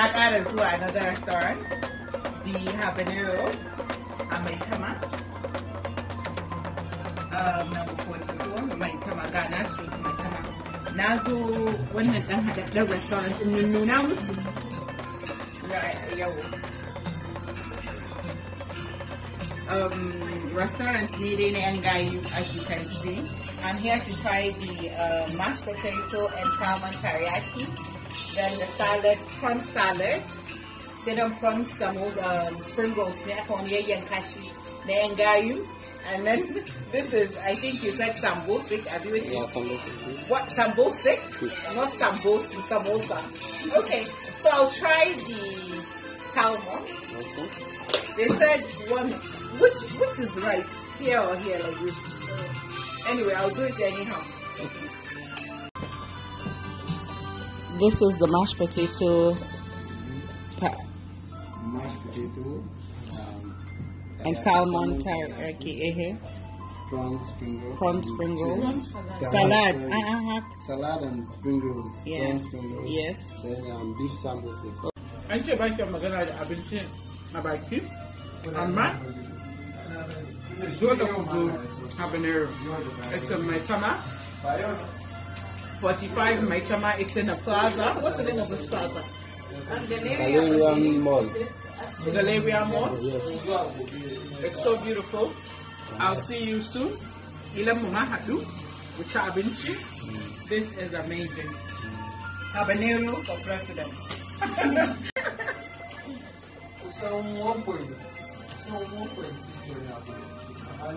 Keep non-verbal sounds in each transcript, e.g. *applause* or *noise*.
That got us to another restaurant, the Habanero Amaitama. Um, number 44, Maitama Ghana Street, Maitama. Na zo wannan ɗan haɗaɗɗen restaurant ɗin nuna musu. Yau. Um, restaurant needing and gayu as you can see. I'm here to try the uh, mashed potato and salmon teriyaki. Then the salad, prawn salad. Sedang prawn sa um, spring rolls niya kung niya yung kashi na engayu. And then *laughs* this is, I think you said sambosik. Have you eaten? Yeah, What sambosik? Not sambosik, samosa. Okay, so I'll try the salmon. Okay. They said one. Which which is right? Here or here? Like this. Anyway, I'll do it anyhow. This is the mashed potato. Pa- mashed potato. Um, and uh, salmon, salmon turkey. uh uh-huh. Prawn spring Prawn rolls. Salad. Salad. Uh-huh. Salad and spring rolls. Yeah. Prawn Yes. Then um, beef magana 45 Maitama. It's in a plaza. What's the name of this plaza? Galerian Mall. Galeria Mall? Yes. It's so beautiful. I'll see you soon. Ilan mama hadu. Ucha abinci. This is amazing. Habanero for president. so 1.6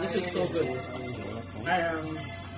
This is so good. I Um,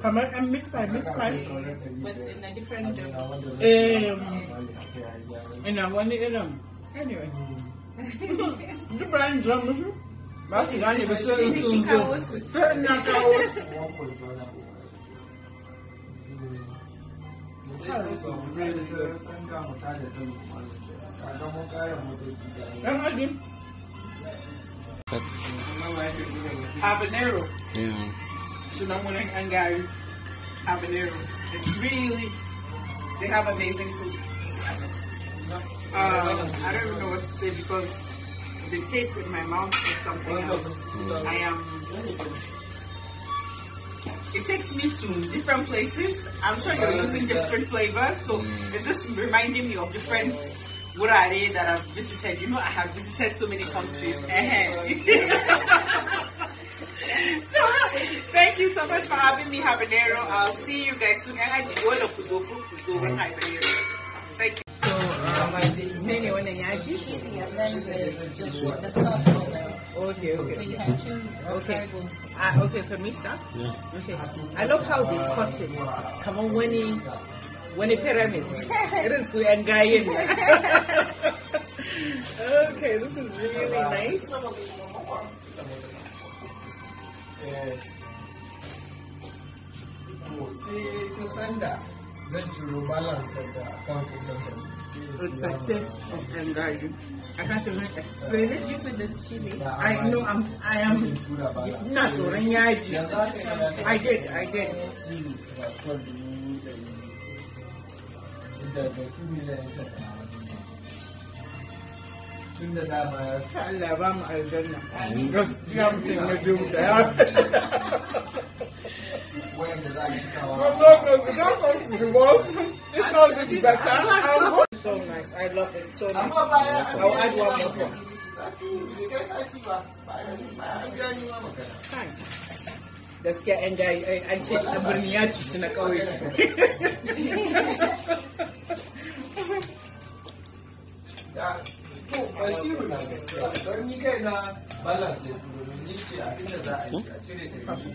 Come on, and mix pie, mix pie. But in a different. Um, *laughs* in *laughs* a one, in a. Anyway. You brand drum, Basi gani ba sai mutum zo. Ta ina kawo wasu. Yan hajjin? Habanero. Yeah. So now I'm going to Angari Habanero. It's really, they have amazing food. Um, I don't even know what to say because the taste in my mouth is something else. I am. It takes me to different places. I'm sure you're using different flavors, so mm. it's just reminding me of different wurare that I've visited. You know, I have visited so many countries. *laughs* Uh-huh. *laughs* Thank you so much for having me, Habanero. I'll see you guys soon. I dole the zo ku zo wurin Habanero. Thank you. So, um, mene wannan yaji? And then the, the sauce Okay, okay. So you can choose okay. Uh, okay, can we start? Yeah. Okay. I love how they cut it. Come on, Winnie. wani pyramid irin su yan gayen ne okay this is really nice to success of Gangari. I can't even explain it. You put the chili. I know I'm I am not yaji. I did, I did. tunda dama ya fi Allah ba the one. Gaskiya mutum ya jumta ya. No, no, don't talk to the It's not this better. I'm so nice. I love it so much. I'm I'll add one more Thank. gaskiya yan gari an ce na birni ya cuci na ƙauye to basiru na gaskiya don ni kai na balance ya turo ni ce abinda za a yi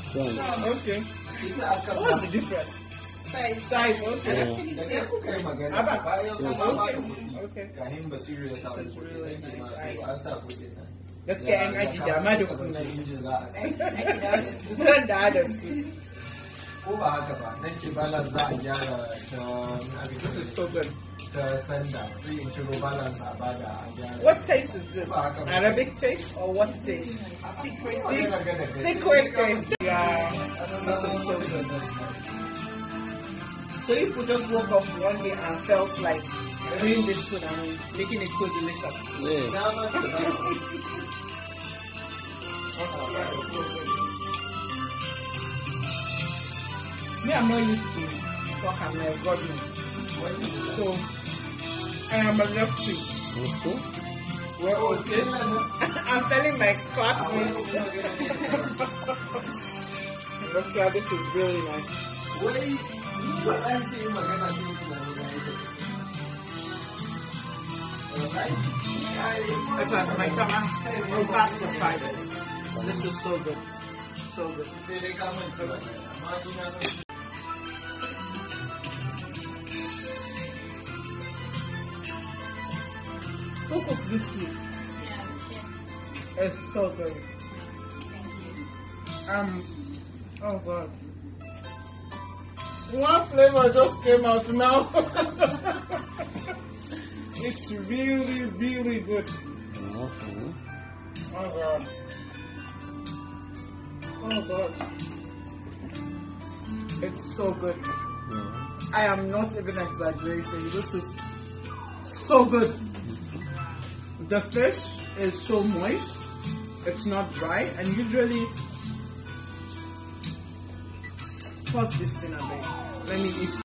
okay. What's the difference? Size. Size, okay. Okay. Okay. That's really nice. Gaskiya an aji da ma da kuma. Da da su what taste is this arabic taste or what taste secret secret taste yeah so so if we just woke up one day and felt like doing this food and making it so delicious yeah. *laughs* *laughs* me, I'm not used to talk and my God knows. So, I am a leftist. Mm-hmm. We're okay. *laughs* I'm telling my classmates. That's *laughs* why this is really nice. What are you? This is so good. So good. Look at this year. Yeah, sure. It's so good. Thank you. Um, oh god. One flavor just came out now. *laughs* it's really, really good. Oh god. Oh god. It's so good. I am not even exaggerating. This is so good the fish is so moist, it's not dry, and usually, plus this thing, bag? Let me eat.